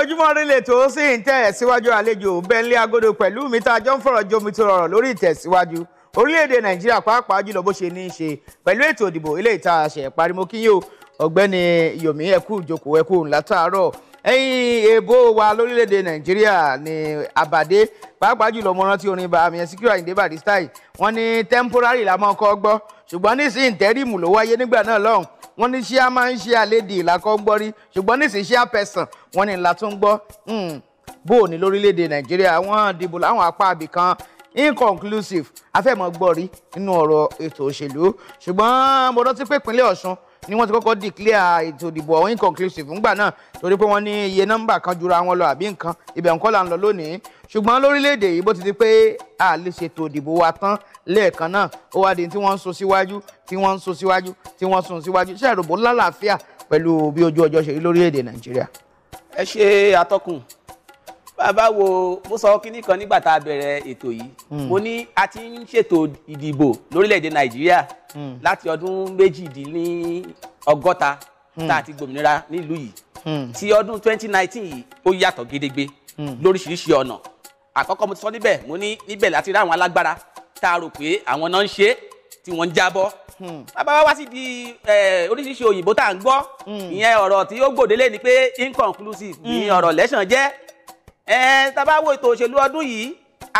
ojúmọ́ rílẹ̀ tó sì ń tẹ̀síwájú àlejò bẹ́ńlẹ̀ agodo pẹ̀lú mi tá a jọ ń fọ̀rọ̀ jomi tó rọrọ̀ lórí ìtẹ̀síwájú orílẹ̀-èdè nàìjíríà pàápàá jùlọ bó ṣe ní í ṣe pẹ̀lú ètò ìdìbò ilé ìta àṣẹ parimọ́ kí yóò ọ̀gbẹ́ni yomi ẹ̀kú ìjókòó ẹ̀kú ńlá tààrọ̀ ẹ̀yìn èèbó wa lórílẹ̀-èdè nàìjíríà ní àbàdé pàápàá jùlọ mo rántí orin bàmí Síkírù Àyìndé Barrister wọ́n ní temporary la máa kọ́ gbọ́ ṣùgbọ́n nísìnyí tẹ́rìmù ló wáyé nígbà náà lọ́hùn wọ́n ní ṣíà máa ń ṣíà lédi ìlàkọ́ gbọ́ rí ṣùgbọ́n nísìnyí ṣíà pẹ̀sàn wọ́n ní ìlà tó ń gbọ́ hmm, bó o ní lórílẹ̀‐èdè nàìjíríà wọ́n dìbò láwọn apá àbì kan inconclusive afẹ́mọ̀ gbọ́ rí nínú ọ̀rọ̀ ètò òṣèlú ṣùgbọ́n mo rántí pé ìpínlẹ̀ ọ̀ṣun ni wọ́n ti kọ́kọ́ declare ètò ìdìbò ọ̀hún inconclusive ńgbà náà torí pé wọ́n ní iye nọ́mbà kan jura wọn lọ àbí nǹkan ibẹ̀ ńkọ́ là ń lọ lónìí ṣùgbọ́n lórílẹ̀‐èdè yìí bó ti di pé a lè ṣètò ìdìbò wa tán lẹ́ẹ̀kan náà ó wá di tí wọ́n ń sún síwájú tí wọ́n ń sún síwájú tí wọ́n ń sún síwájú ṣe àròbó lálàáfíà pẹ̀lú bí ojú ọjọ́ ṣe rí lórílẹ̀‐èdè nàìjíríà. ẹ ṣe atọ́kùn bàbá wo mo sọ kínní kan nígbà tá a bẹ̀rẹ̀ ètò yìí hmm. mo ní a ti ń ṣètò ìdìbò lórílẹ̀‐èdè nàìjíríà hmm. láti ọdún méjìdínlọ́gọ́ta hmm. tá a ti gbòmìnira nílùú yìí ti ọdún 2019 yìí ó yàtọ̀ gedegbe lóríṣiríṣi ọ̀nà àkọ́kọ́ mo ti sọ níbẹ̀ mo ní níbẹ̀ láti rí àwọn alágbára tá a rò pé àwọn náà ń ṣe tí wọ́n ń jábọ́ hmm. bàbá wa wá di oríṣiríṣi òyìnbó tá à ń gbọ́ hmm. ìyẹn ọ̀rọ̀ tí ó gbòdélé ni pé inconclusive ni hmm. ọ̀rọ̀ lẹ́sàn jẹ́ tá bá wo ètò òṣèlú ọdún yìí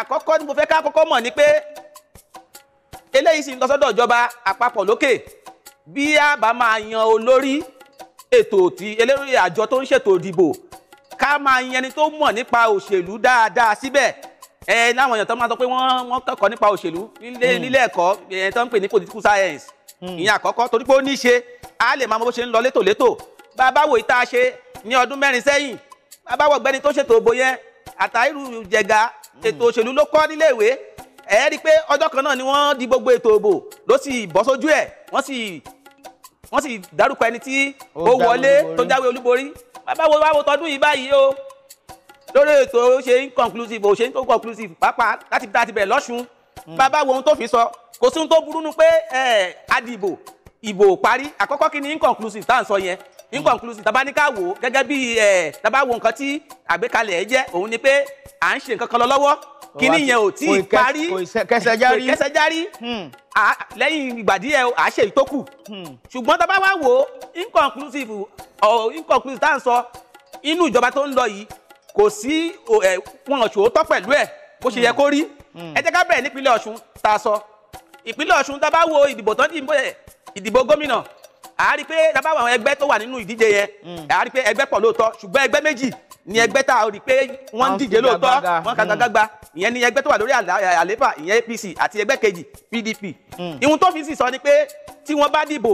àkọ́kọ́ ni mo fẹ́ ká kọ́kọ́ mọ̀ ni pé eléyìí sì ń lọ sọ́dọ̀ ìjọba àpapọ̀ lókè bí a bá máa yan olórí ètò tí eléròyìn àjọ tó ń ṣètò ìdìbò ká máa yẹni tó mọ̀ nípa òṣèlú dáadáa síbẹ̀ ẹ láwọn èèyàn tó máa sọ pé wọ́n wọ́n kẹ́kọ̀ọ́ nípa òṣèlú nílé hmm. ẹ̀kọ́ èèyàn tó ń pè ní political science hmm. ìyẹn àkọ́kọ́ torí pé ó ní í ṣe a lè máa mọ bó ṣe ń lọ létòlétò bàbá wo ìta ṣe ní ọdún mẹ́rin sẹ́yìn bàbá wo ọ̀gbẹ́ni tó ṣètò òbò yẹn àtàírù jẹ̀gà hmm. ètò òṣèlú ló kọ́ níléèwé ẹ rí i pé ọjọ́ kan náà ni wọ́n di gbogbo ètò òbò ló sì bọ́ sójú ẹ̀ wọ́n sì wọ́n sì dárúkọ ẹni tí ó wọlé tó jáwé olúborí bàbá wo wàá wo tọdún yìí báyìí o lórí ètò ó ṣe inconclusive ó ṣe tó conclusive pàápàá láti bí láti bẹ̀ lọ́sùn hmm. bàbá wo ohun tó fi sọ kò sí ohun tó burú nu pé adìbò ìbò parí àkọ́kọ́ kí ni inconclusive tá à ń sọ yẹn inconclusive Taba ní ká wò gẹ́gẹ́ bí ẹ̀ tàbá wo nǹkan tí àgbékalẹ̀ ẹ̀ jẹ́ òun ni pé à ń ṣe nǹkan kan lọ lọ́wọ́ kíní yẹn ò tí ì parí kẹsẹ̀járí kẹsẹ̀járí hmm. lẹ́yìn ìgbà díẹ̀ à ṣe ìtókù hmm. ṣùgbọ́n tàbá wá wò inconclusive ọ̀ inconclusive tá à ń sọ inú ìjọba tó ń lọ yìí kò sí wọn ò ṣòótọ́ pẹ̀lú ẹ̀ bó ṣe yẹ hmm. kó rí ẹ jẹ́ ká bẹ̀rẹ̀ nípínlẹ̀ Ọ̀ṣun tá a sọ ìpínlẹ̀ Ọ̀ṣun tá wo ìdìbò tán dì a rí pé lábàá àwọn ẹgbẹ́ tó wà nínú ìdíje yẹn hmm. a rí pé ẹgbẹ́ pọ̀ lóòótọ́ ṣùgbọ́n ẹgbẹ́ méjì ni ẹgbẹ́ tá a rí pé wọ́n ń díje lóòótọ́ wọ́n kàgbà gbàgbà ìyẹn ni ẹgbẹ́ tó wà lórí àlééfà ìyẹn APC àti ẹgbẹ́ kejì PDP ìhun hmm. tó fi sì sọ ni pé tí wọ́n bá dìbò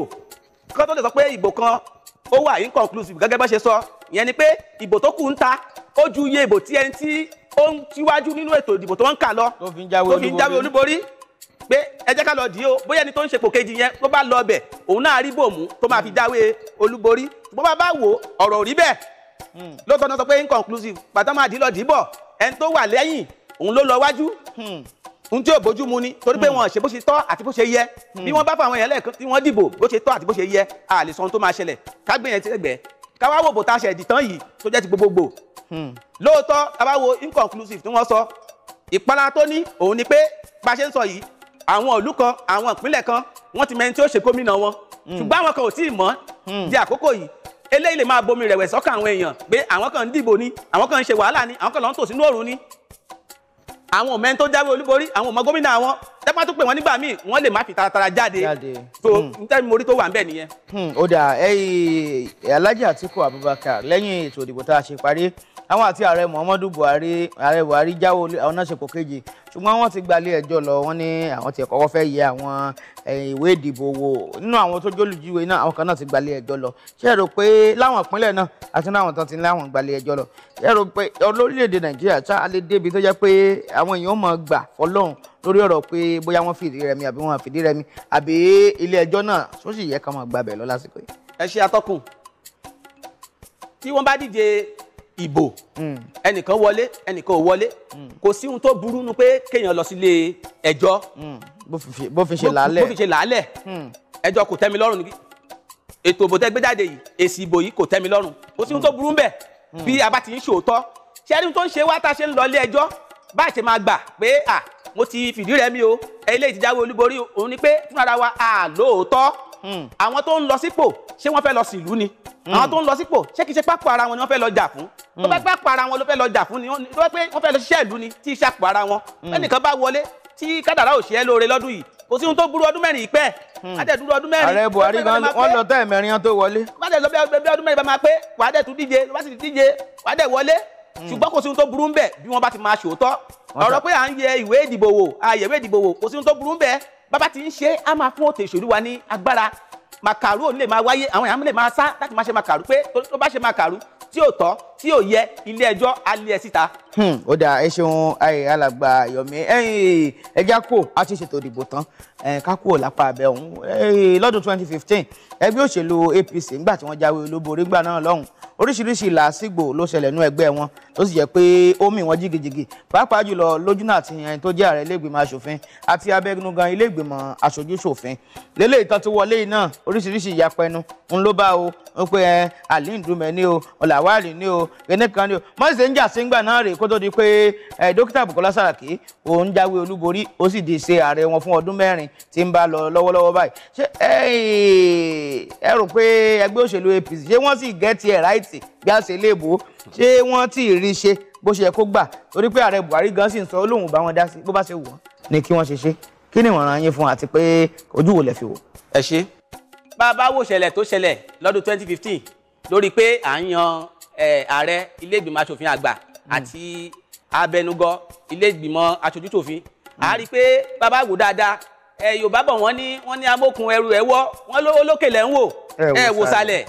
kí wọ́n tó lè sọ pé ìbò kan ó wà inconclusive gẹ́gẹ́ bá ṣe sọ ìyẹn ni pé ìbò tó kù ń ta ó ju iye ìbò tí ẹni tí ó ń tíwájú nínú ètò ìdìbò tó ń kà lọ tó fi ń jáwé olúborí pé ẹ jẹ́ ká lọ dì í o bóyá ẹni tó ń ṣepò kejì yẹn tó bá lọ bẹ̀ òun náà rí bòmù tó máa fi dáwé olúborí bó bá bá wò ọ̀rọ̀ rí bẹ́ẹ̀ hmm. lóòótọ́ náà sọ pé inconclusive pàtó máa dì í lọ dì í bọ̀ ẹni tó wà lẹ́yìn òun ló lọ wájú hmm. ohun tí yóò bójú mu ni torí pé hmm. wọn ṣe bó ṣe tọ́ àti bó ṣe yẹ bí wọ́n bá fún àwọn èèyàn lẹ́ẹ̀kan tí wọ́n dìbò bó ṣe tọ́ àti bó ṣe yẹ a lè sọ ohun tó máa ṣẹlẹ̀ kágbéyàn ti gbẹ káwá wò bò tá a ṣe ìdìtàn yìí tó jẹ́ ti gbogbogbò lóòótọ́ káwá wo inconclusive tí wọ́n sọ ìpara tó ní òun ni pé bá a ṣe ń sọ yìí àwọn ìlú kan àwọn ìpínlẹ̀ kan wọ́n ti mẹ́ni tí ó ṣe gómìnà wọn hmm. ṣùgbọ́n àwọn kan ò tí ì mọ̀ hmm. di àkókò yìí eléyìí lè máa bomi rẹ̀wẹ̀sì ọkàn àwọn èèyàn pé àwọn kan ń dìbò ni àwọn kan ń ṣe wàhálà ni àwọn kan lọ ń tò sínú òru ni àwọn ò mẹ́ni tó jáwé olúborí àwọn ò mọ gómìnà àwọn tẹ́pá tó pè wọ́n nígbà míì wọ́n lè má fi taratara jáde tó hmm. n tẹ́ mi orí tó wà ń bẹ̀ nìyẹn. Hmm, ó dà ẹyìn Alhaji Atiku Abubakar lẹ́yìn ètò ìdìbò tá a ṣe parí àwọn àti ààrẹ Muhammadu Buhari ààrẹ Buhari jáwọ́ àwọn náà ṣepò kejì ṣùgbọ́n wọ́n ti gbalẹ̀ ẹjọ́ lọ wọ́n ní àwọn ti kọ́kọ́ fẹ́ yẹ̀ àwọn ìwé ìdìbò wò nínú àwọn tó jólùjúwe náà àwọn kan náà ti gbalẹ̀ ẹjọ́ lọ ṣé ẹ rò pé láwọn ìpínlẹ̀ náà àti láwọn tán ti ní àwọn gbalẹ̀ ẹjọ́ lọ ṣé ẹ rò pé olórílẹ̀‐èdè Nàìjíríà ṣáà lè débi tó jẹ́ pé àwọn èèyàn mọ̀ gbà fọlọ́run lórí ọ̀rọ̀ pé bóyá wọ́n fìdí rẹmi àbí wọ́n fìdí rẹmi àbí ilé ẹjọ́ náà tó sì yẹ ká máa gbabẹ̀ lọ lásìkò yìí. ẹ ṣe atọ́kùn tí wọ́n bá díje ìbò hmm. ẹnìkan wọlé ẹnìkan ò wọlé hmm. kò sí ohun tó burú nu pé kéèyàn lọ sílé ẹjọ́ hmm. bó fi ṣe làálẹ̀ bó fi ṣe làálẹ̀ ẹjọ́ kò tẹ́ mi lọ́rùn níbí ètò ìbò tẹ́ gbé jáde yìí èsì ìbò yìí kò tẹ́ lọ́rùn kò sí ohun tó burú ń bẹ̀ bí a bá ti ń ṣòótọ́ ṣé tó ń ṣe wá tá ṣe ń lọ ilé ẹjọ́ báyìí ṣe máa gbà pé mo ti fìdí rẹ mi o eléyìí ti jáwé olúborí òun ni pé fúnra wa àlóòótọ́ hmm. àwọn tó ń lọ sípò ṣé wọ́n fẹ́ lọ sílùú ni hmm. àwọn tó ń lọ sípò ṣé kìí ṣe pápá ara wọn ni wọ́n fẹ́ lọ jà fún tó bá hmm. pápá ara wọn ló fẹ́ lọ jà fún ni tó bá pé wọ́n fẹ́ lọ ṣiṣẹ́ ìlú ni tí ìṣàpò ara wọn ẹnìkan bá wọlé tí kádàrá ò ṣe é lóore lọ́dún yìí kò sí ohun tó burú ọdún mẹ́rin ìpẹ́ adẹ dúró ọdún mẹ́rin ààrẹ buhari gan wọn lọ tẹ mẹ́rin tó wọlé wàdẹ lọ bẹ ọdún mẹ́rin bá máa pé wàdẹ tún díje wàdẹ tún díje wàdẹ wọlé ṣùgbọ́n kò sí ohun tó burú ń bẹ̀ bí wọ́n bá ti máa ṣòótọ́ ọ̀rọ̀ pé à ń yẹ ìwé ìdìbò wò àyẹ̀wé ìdìbò wò kò sí ohun tó burú bẹ́ẹ̀ bàbá ti ń ṣe á máa fún òtè ìṣèlú wa ní agbára màkàrú ò lè máa wáyé àwọn èèyàn lè máa sá láti máa ṣe màkàrú pé tó bá ṣe màkàrú tí ò tọ́ tí ò yẹ ilé ẹjọ́ alẹ́ ẹ̀ síta. Hmm, ó dáa ẹ ṣeun alàgbà yomi ẹja kò a ti ṣètò ìdìbò tán ká kúrò lápá abẹ ọ̀hún lọ́dún twenty fifteen ẹgbẹ́ òṣèlú APC nígbà tí wọ́n jáwé olúborí gbà náà lọ́hùn oríṣiríṣi làásìgbò ló ṣẹlẹ̀ nú ẹgbẹ́ wọn tó sì jẹ́ pé ó mì wọ́n jìgìjìgì pàápàá jùlọ lójúnà àti ẹni tó jẹ́ ààrẹ iléègbìmọ̀ asòfin àti abẹnugan iléègbìmọ̀ aṣojú ṣòfin lélẹ́yìí tán ti wọlé náà oríṣiríṣi ìyapẹnu ń ló bá o ń pé alíǹdùmẹ̀ ni o ọ̀làwárì ni o o gẹ́nẹ́ kan ni o mọ́sẹ̀ ń jà síngbà náà rèé kó tó di pé dókítà Bukola Saraki òun jáwé olúborí ó sì di ṣe ààrẹ wọn fún ọdún mẹ́rin tí ń bá lọ lọ́wọ́lọ́wọ́ báyìí ṣé ẹ rò pé ẹgbẹ́ òṣèlú APC ṣé wọ́n sì gẹ́ tiẹ̀ ráìtì bí a ṣe léèbó ṣé wọ́n ti rí ṣe bó ṣe yẹ kó gbà torí pé ààrẹ Buhari gan sì ń sọ olóhùn bá wọn dá sí bó bá ṣe wù wọ́n ni kí wọ́n ṣe ṣe kí ni ìmọ̀ràn yín fún àti pé ojú wo lẹ fi wò. ẹ ṣe. bá a bá wò ṣẹlẹ̀ tó ṣẹlẹ̀ lọ́dún 2015 lórí pé à ń yan ààrẹ ilé ìgbìmọ̀ asòfin àgbà àti abẹnugọ ilé ìgbìmọ̀ asojútòfin a rí i pé bàbá wò dáadáa ẹ yorùbá bọ̀ wọ́n ní wọ́n ní amókun ẹrù ẹ̀wọ́ wọ́n ló lókè lẹ́ ń wò ẹ wò sàlẹ̀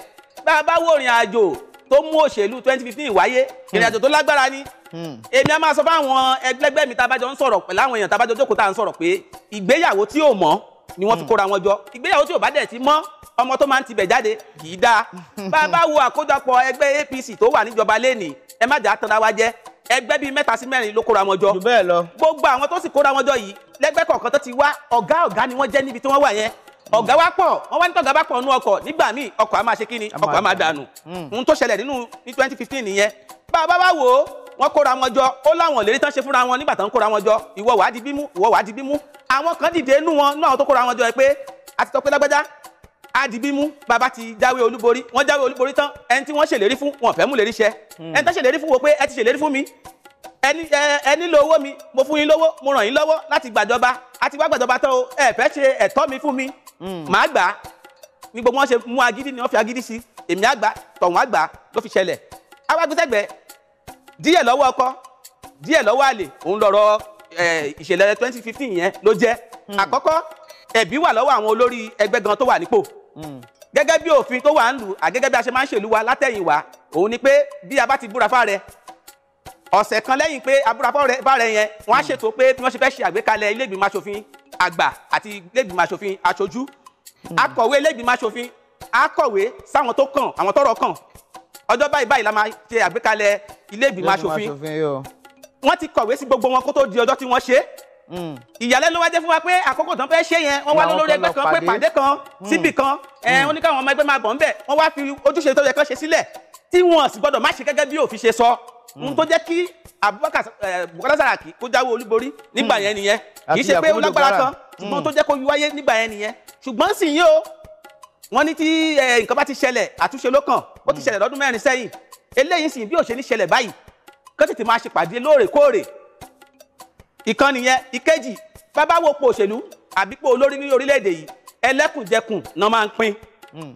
bàbá wò rìn àjò tó mú òṣèlú twenty fifteen wáyé ìrìn àjò tó lágbára ni hmm. èmi a máa sọ fáwọn ẹgbẹ́gbẹ́ mi tabajọ ń sọ̀rọ̀ pẹ̀lú àwọn èèyàn tabajọ jókòó tá à ń sọ̀rọ̀ pé ìgbéyàwó tí ò mọ́ ni wọ́n fi hmm. kóra wọn jọ ìgbéyàwó tí ò bá dẹ̀ ti mọ́ ọmọ tó máa ń tibẹ̀ jáde yìí dáa bá a bá wo àkójọpọ̀ ẹgbẹ́ APC tó wà níjọba lẹ́nìí ẹ má jà tanra wa jẹ́ ẹgbẹ́ bíi mẹ́ta sí mẹ́rin ló kóra wọn jọ jù bẹ́ẹ̀ lọ gbogbo àwọn tó sì kóra wọn jọ yìí lẹ́gbẹ́ kọ̀ọ̀kan tó ti wá ọ̀gá ọ̀gá ni wọ́n jẹ́ níbi tí wọ́n wà yẹn ọ̀gá wa pọ̀ wọ́n wá ní tọ́gá bá pọ̀ nú ọkọ̀ nígbà míì ọkọ̀ á máa ṣe kíni ọkọ̀ á máa dànù hmm. ohun tó ṣẹlẹ̀ nínú ní twenty fifteen nìyẹn bá a bá wá wò ó wọ́n kóra wọn jọ ó láwọn òlérí tán ṣe fúnra wọn nígbà tán kóra wọn jọ ìwọ wàá di bímú ìwọ wàá di bímú àwọn kan dìde nú wọn nú àwọn tó kóra wọn jọ ẹ pé àti tọpẹ lágbájá adìbímú bàbá ti jáwé olúborí wọ́n jáwé olúborí tán ẹni tí wọ́n ṣèlérí fún wọn fẹ́ mú lérí ṣẹ hmm. ẹni tó ṣèlérí fún wo pé ẹ ti ṣèlérí fún mi ẹni ẹ nílò owó mi mo fún yín lówó mo ràn yín lọ́wọ́ láti gbàjọba àti wá gbàjọba tán o ẹ fẹ́ ṣe ẹ̀tọ́ mi fún mi hmm. màá gbà á ní gbogbo wọn ṣe mú agídí ni wọ́n fi agídí sí èmi àgbà tọ̀hún àgbà ló fi ṣẹlẹ̀ awágbésẹ̀gbẹ́ díẹ̀ lọ́wọ́ ọkọ díẹ̀ lọ́wọ́ àlè òun lọ́rọ̀ ìṣẹ̀lẹ̀ twenty fifteen yẹn ló jẹ́ hmm. àkọ́kọ́ ẹ̀bí wà lọ́wọ́ àwọn olórí ẹgbẹ́ gan tó wà nípò Mm. gẹ́gẹ́ bí òfin tó wà ń lù àgẹ́gẹ́ bí a ṣe máa ń ṣèlú wa látẹ̀yìn wá òun ni pé bí a bá ti búra fáre ọ̀sẹ̀ kan lẹ́yìn pé abúra fáre yẹn wọ́n á mm. ṣètò pé bí wọ́n ṣe fẹ́ ṣe àgbékalẹ̀ ilé ìgbìmọ̀ aṣòfin àgbà àti ilé ìgbìmọ̀ aṣòfin aṣojú mm. akọ̀wé ilé ìgbìmọ̀ akọ̀wé sáwọn tó kàn àwọn tọ́rọ̀ kàn ọjọ́ báyìí báyìí la máa ṣe àgbékalẹ̀ ilé ìgbìmọ̀ aṣòfin wọ́n ti kọ̀wé sí gbogbo wọn kó tó di ọjọ́ tí wọ́n ṣe é Mm. ìyàlẹ́nu wá jẹ́ fún wa pé àkókò tán fẹ́ ṣe yẹn wọ́n wá lórí ẹgbẹ́ kan pé pàdé kan mm. síbì kan mm. wọ́n ní káwọn ọmọ ẹgbẹ́ máa bọ̀ ńbẹ̀ wọ́n wá fi ojúṣe tó yẹ kán ṣe sílẹ̀ tí wọ́n sì gbọ́dọ̀ má ṣe gẹ́gẹ́ bí òfin ṣe sọ ohun tó jẹ́ kí Abubakar Bukola Saraki kó jáwé olúborí nígbà yẹn nìyẹn kì í ṣe pé ó lágbára kan ṣùgbọ́n tó jẹ́ kó wáyé nígbà yẹn nìyẹn ṣùgbọ́n sì yí o wọ́n ní tí nǹkan bá ti ṣẹlẹ̀ àtúnṣe ló kàn ó ti ṣẹlẹ̀ lọ́dún mẹ́rin sẹ́yìn eléyìí sì bí ó ṣe ní ṣẹlẹ̀ báyìí kó tètè máa ṣèpàdé lóòrèkóòrè ìkan nìyẹn ìkejì bàbá wo po òṣèlú àbí po olórí ní orílẹ̀-èdè yìí ẹlẹ́kùnjẹkùn náà máa ń pín hmm.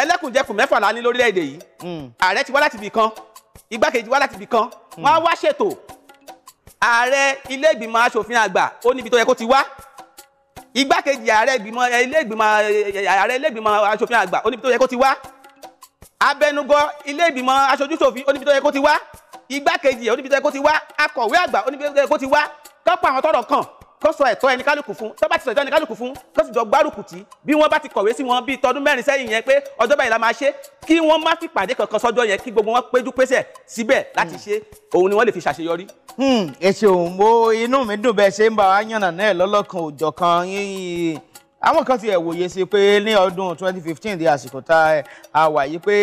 ẹlẹ́kùnjẹkùn mẹ́fà la ní lórílẹ̀-èdè yìí hmm. ààrẹ ti wá láti ibì kan igbákejì wá láti ibì kan hmm. wọ́n á wá ṣètò ààrẹ ilé ìgbìmọ̀ asòfin àgbà ó níbi tó yẹ kó ti wá igbákejì ààrẹ ìgbìmọ̀ eh, ilé ìgbìmọ̀ eh, eh, ààrẹ ilé ìgbìmọ̀ asòfin àgbà ó níbi tó yẹ kó ti wá abẹnugọ ilé ìgbìmọ̀ aṣojú ṣòfin ó níbi tó yẹ kó ti wá igbákejì ó níbi tó yẹ kó ti wá akọ̀wé àgbà ó níbi tó yẹ kó ti wá kọ́pọ̀ àwọn tọ́rọ̀ kàn kó sọ ẹ̀tọ́ ẹni kálukú fún tó bá ti sọ ẹ̀tọ́ ẹni kálukú fún kó sì jọ gbárùkù tí bí wọ́n bá ti kọ̀wé sí wọn bíi tọdún mẹ́rin sẹ́yìn yẹn pé ọjọ́ báyìí la máa ṣe kí wọ́n má fi pàdé kankan sọ́jọ́ yẹn kí gbogbo wọn péjú pésẹ̀ síbẹ̀ láti ṣe òun ni wọ́n lè fi ṣàṣeyọrí. Hmm, ẹ ṣeun mo inú mi dùn bẹ́ẹ̀ ṣe ń bá wa yànnà náà lọ́lọ́kan òjọ̀kan yín àwọn kan ti ẹ̀ wòye sí pé ní ọdún 2015 di àsìkò tá a wà yìí pé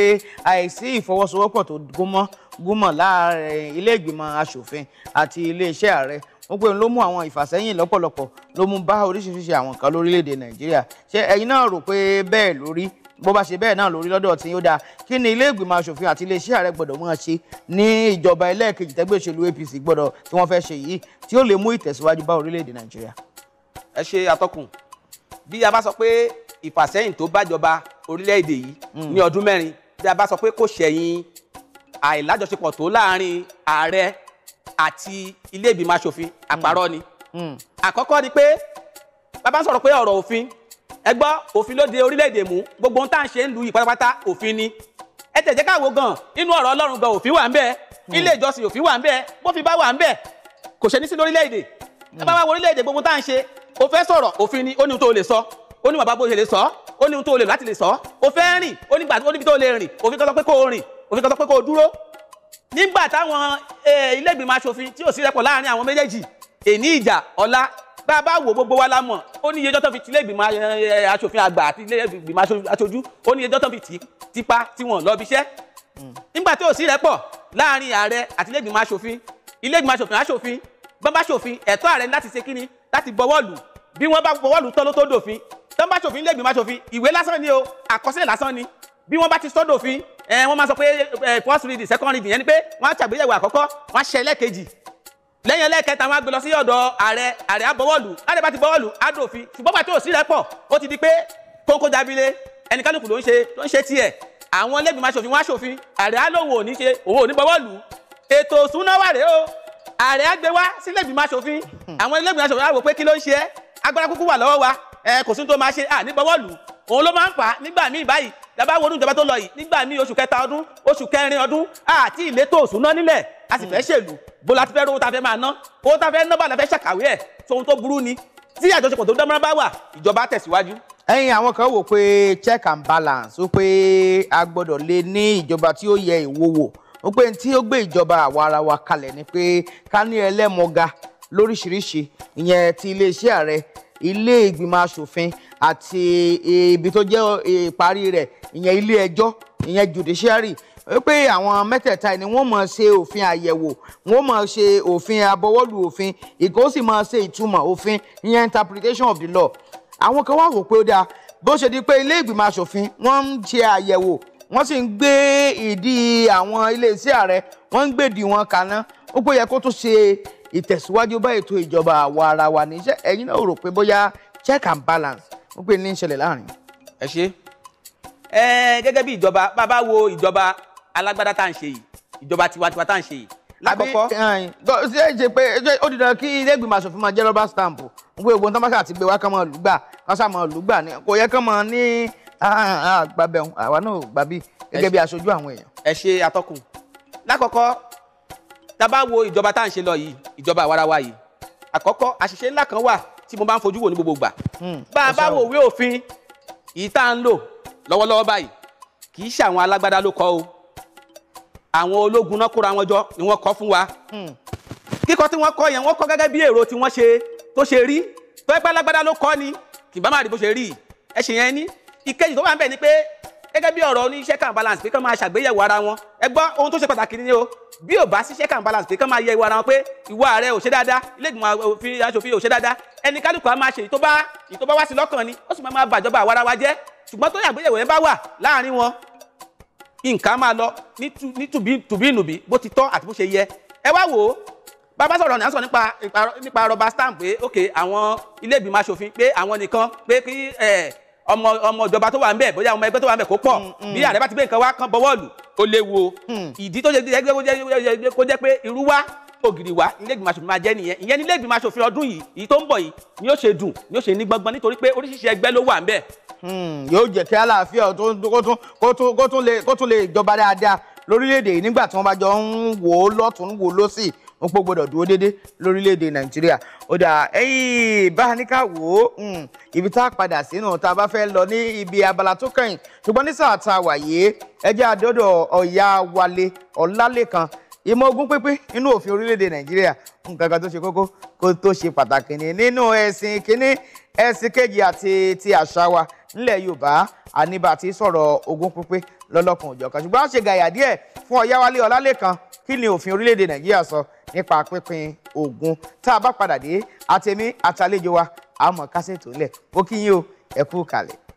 àìsí ìfọwọ́sowọ́pọ̀ tó gúnmọ́ gúnmọ́ láàárín ilé ìgbìmọ̀ asòfin àti iléeṣẹ́ ààrẹ gbogbo èyí ló mú àwọn ìfàsẹ́yìn lọ́pọ̀lọpọ̀ ló mú bá oríṣiríṣi àwọn kan lórílẹ̀‐èdè nàìjíríà ṣé ẹ̀yin náà rò pé bẹ́ẹ̀ lórí bó bá ṣe bẹ́ẹ̀ náà lórí lọ́dọ̀ tí ó dáa kí ni ilé ìgbìmọ̀ asòfin àti iléeṣẹ́ ààrẹ gbọ́dọ̀ máa ṣe ní ìjọba ẹlẹ́ẹ̀kejì tẹ́gbẹ́ òṣèlú APC gbọ́dọ̀ tí wọ́n fẹ́ ṣe yìí tí ó lè mú ìtẹ̀síwájú bá orílẹ̀-èdè nàìjíríà. ẹ ṣe atọ́kùn bí a bá sọ pé ìfàsẹ́yìn tó bájọba orílẹ̀-èdè yìí hmm. ní ọdún mẹ́rin bí a bá sọ pé kò ṣẹ̀yìn àìlájọṣepọ̀ tó láàárín ààrẹ àti ilé ìgbìmọ̀ asòfin àpárọ̀ ni hmm. Hmm. àkọ́kọ́ ni pé bàbá ń sọ̀rọ̀ pé ọ̀rọ̀ òfin ẹ gbọ́ òfin ló de orílẹ̀-èdè mú gbogbo ohun tá à ń ṣe ń lu ìpátápátá òfin ni ẹ tẹ̀jẹ́ káwo gan inú ọ̀rọ̀ Ọlọ́run gan òfin wà ń bẹ hmm. ilé ìjọsìn òfin wà ń bẹ bófin bá wà ń bẹ kò ṣe ní sí lórílẹ̀-èdè ẹ bá wá wo orílẹ̀-èdè gbogbo tá à ń ṣe o fẹ́ sọ̀rọ̀ òfin ni ó ní ohun tó lè sọ ó ní bàbá bó ṣe lè sọ ó ní ohun tó lè láti lè sọ o fẹ́ rìn ó níbi tó lè rìn òfin kan sọ pé kó o rìn òfin kan sọ pé kó o dúró nígbà táwọn ilé ìgbìmọ̀ asòfin tí ò sí rẹ́pọ̀ láàrin àwọn méjèèjì èní ìjà ọ̀la bá a bá wò gbogbo wa la mọ̀ ó ní iyejọ́ tó fi ti ilé ìgbìmọ̀ asòfin àgbà àti ilé ìgbìmọ̀ aṣojú ó ní iyejọ́ tó fi tì tipa tí wọ́n lọ bíṣẹ́ nígbà tí ò sí rẹ́pọ̀ láàrin ààrẹ àti ilé ìgbìmọ̀ asòfin ilé ìgbìmọ̀ asòfin asòfin bọ́nbá sòfin ẹ̀tọ́ ààrẹ láti ṣe kíni láti bọwọ́lù bí wọ́n bá bọwọ́lù tán ló tó dòfin tọ́nbá sòfin ilé ìgbìmọ̀ asòfin ìwé lásán ni o àkọsílẹ̀ lásán ni bí wọ́n bá ti sọ́dọ̀ òfin ẹ wọ́n máa sọ pé first reading second reading yẹn ni pé wọ́n á ṣàgbéyẹ̀wò àkọ́kọ́ wọ́n á ṣe ẹlẹ́ẹ̀kejì lẹ́yìn ẹlẹ́ẹ̀kẹta wọ́n á gbé lọ sí ọ̀dọ̀ ààrẹ ààrẹ abọ́wọ́lù ààrẹ bá ti bọ́wọ́lù á dòfin ṣùgbọ́n pàtó òsì rẹ̀ pọ̀ ó ti di pé kónkó jábílé ẹnikálukú ló ń ṣe ló ń ṣe tiẹ̀ àwọn lẹ́bi máa ṣòfin wọ́n á ṣòfin ààrẹ á lòwò òní ṣe òwò òní bọ́wọ́lù ètò òsúná wà rèé o ààrẹ á gbé wá sí lẹ́bi máa ṣòfin hmm. àwọn lẹ́bi máa ṣòfin á wò pé kí ló ń ṣe agbára kúkú wà lọ́wọ́ wa ẹ kò sí tó máa ṣe à ní bọ́wọ́lù òun ló máa ń fà nígbà míì báyìí dábàá wọnú ìjọba tó lọ yìí nígbà míì oṣù kẹta ọdún oṣù kẹrin ọdún àti ìletò òṣùná nílẹ̀ a sì fẹ́ ṣèlú bó la ti fẹ́ rówó ta fẹ́ máa ná owó ta fẹ́ ná bá la fẹ́ ṣàkàwé ẹ̀ tóhun tó burú ni tí àjọṣepọ̀ tó dánmọ́rán bá wà ìjọba tẹ̀síwájú. ẹ̀yin àwọn kan wò pé check and balance ó pé a gbọ́dọ̀ lè ní ìjọba tí ó yẹ ìwòwò ó pé tí ó gbé ìjọba àwa ara wa kalẹ̀ ni pé ká ní ẹlẹ́mọ̀ga lóríṣiríṣi ìyẹn ti iléeṣẹ́ ààrẹ ilé ìgbìmọ̀ asòfin àti ibi tó jẹ́ ìparí rẹ̀ ìyẹn ilé ẹjọ́ ìyẹn judiciary pé àwọn mẹ́tẹ̀ẹ̀ta ni wọ́n máa ṣe òfin àyẹ̀wò wọ́n máa ṣe òfin abọwọ́lù òfin ìkó sì máa ṣe ìtumọ̀ òfin ìyẹn interpretation of the law àwọn kan wá wò pé ó dáa bó ṣe di pé ilé ìgbìmọ̀ asòfin wọ́n ń ṣe àyẹ̀wò wọ́n sì ń gbé ìdí àwọn iléeṣẹ́ ààrẹ wọ́n ń gbèdì wọn kaná ó pé yẹ kó tún ṣe ìtẹ̀síwájú bá ètò ìjọba àwa ara wa níṣẹ́ ẹ̀yin náà rò pé bóyá check and balance ó pè ní ìṣẹ̀lẹ̀ láàrin. ẹ ṣe ẹ gẹ́gẹ́ bí ìjọba bàbá wo ìjọba alágbádá tá à ń ṣe yìí ìjọba tiwantiwa tá à ń ṣe yìí lákọ̀ọ́kọ́. àbí ṣe é ṣe pé ó di dandan kí ilé ìgbìmọ̀ asòfin máa jẹ́ rọ́bà stamp gbogbo ìgbóhùn tán bá ṣáà ti gbé wá kán máa lùgbà kán ṣáà máa lùgbà kò yẹ kán máa ní àgbàbẹ̀ ah, ah, ah, àwa náà gbàbí gẹ́gẹ́ bí aṣojú àwọn èèyàn. ẹ ṣe atọ́kùn lákọ̀ọ́kọ́ tá a bá wo ìjọba tá à ń ṣe lọ yìí ìjọba àwarawa yìí àkọ́kọ́ àṣìṣe ńlá kan wà tí mo bá ń fojú wò ní gbogbo bá a bá wo ìwé òfin yìí tá ń lò lọ́wọ́lọ́wọ́ báyìí kì í ṣe àwọn alágbádá ló kọ o àwọn ológun náà kóra wọn jọ ni wọ́n kọ fún wa hmm. kíkọ tí wọ́n kọ yẹn wọ́n kọ gẹ́gẹ́ bí èrò tí wọ́n ṣe tó ṣe rí tó ẹgbẹ́ alágbádá ló kọ ni kì bá má rí bó ṣe rí ẹ ṣe yẹn ní ìkejì tó wà ń bẹ̀ ni pé gẹ́gẹ́ bí ọ̀rọ̀ ní check and balance pé kán máa ṣàgbéyẹ̀wò ara wọn ẹ gbọ́ ohun tó ṣe pàtàkì ni o bí ò bá sí check and balance pé kán máa yẹ ìwà ara wọn pé ìwà ààrẹ ò ṣe dáadáa ilé ìgbìmọ̀ òfin aṣòfin ò ṣe dáadáa ẹni kálukú á máa ṣe ìtó bá ìtó bá wá sí lọ́kàn ni ó sì máa bàjọba àwa ara wa jẹ́ ṣùgbọ́n tó yàgbéyẹ̀wò yẹn bá wà láàárín wọn nǹkan máa lọ ní tùbínùbí bó ti tọ́ àti bó ṣe yẹ ẹ wá wò ó bàbá sọ̀rọ̀ ní à ń sọ nípa nípa rọba stamp pé ok àwọn ilé ìgbìmọ̀ aṣòfin pé àwọn nìkan pé kí ọmọ ọmọ ìjọba tó wà ń bẹ bóyá ọmọ ẹgbẹ́ tó wà ń bẹ kó pọ̀ mm, mm. bí ààrẹ bá ti gbé nǹkan wá kan bọwọ́ọ̀lù ó léwu mm. ìdí tó ṣe kó jẹ́ pé irú wá ògiri wa ilé ìgbìmọ̀ aṣòfin máa jẹ́ nìyẹn ìyẹn ní ilé ìgbìmọ̀ aṣòfin ọdún yìí èyí tó ń bọ̀ yìí ni yóò ṣe dùn ni yóò ṣe ní gbọngbọn nítorí pé oríṣiríṣi ẹgbẹ́ ló wà ń bẹ. Hmm, yóò jẹ́ kí aláàfíà kó tún lè jọba dáadáa lórílẹ̀‐èdè yìí nígbà tí wọ́n bá jọ ń wò ó lọ́tún wò ó lọ́sì wọn pọ̀ gbọ́dọ̀ dúró dédé lórílẹ̀‐èdè nàìjíríà ó dà ẹ̀yìn bá a wò ó hmm, ibi tá a padà sínú tá a bá fẹ́ lọ ní ibi abala tó kẹ́yìn ṣùgbọ́n ní sáà tá a wà yìí ẹjẹ́ àdọ́dọ̀ ìmọ̀ ogún pínpín inú òfin orílẹ̀-èdè nàìjíríà nǹkan kan tó ṣe kókó kó tó ṣe pàtàkì ni nínú ẹ̀sìn kínní ẹ̀sìn kejì àti ti àṣà wa nílẹ̀ yorùbá àníbà ti sọ̀rọ̀ ogún pínpín lọ́lọ́kan òjọ̀kan ṣùgbọ́n ṣe gàyà díẹ̀ fún ọ̀yáwálé ọlálẹ́kan kí ni òfin orílẹ̀-èdè nàìjíríà sọ nípa pínpín ogún tá a bá padà dé àtẹ̀mí àtàlejò wa àmọ̀ kásẹ̀ tó lẹ̀ ó o ẹ kalẹ̀.